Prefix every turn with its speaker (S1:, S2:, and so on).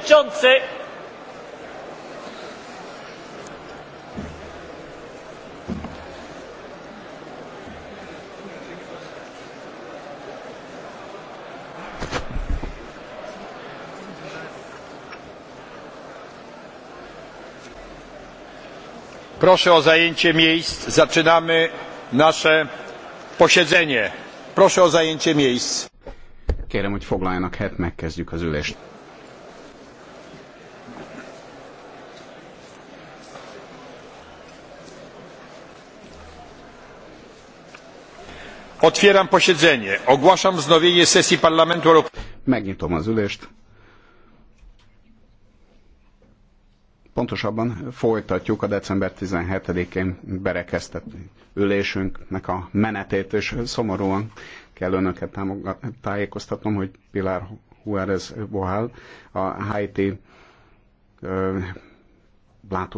S1: przewodniczący!
S2: Proszę o zajęcie miejsc. Zaczynamy nasze posiedzenie. Proszę
S3: o zajęcie miejsc. Kérem, hogy foglaljanak helyet, megkezdjük az ülést.
S2: Otwieram posiedzenie. Ogłaszam wznowienie sesji Parlamentu Europejskiego.
S3: Megnyitom az ülést. Pontosabban folytatjuk a december 17-én berekeztett ülésünknek a menetét, és szomorúan kell önöket tájékoztatnom, hogy Pilar Juárez Bohal a Haiti látó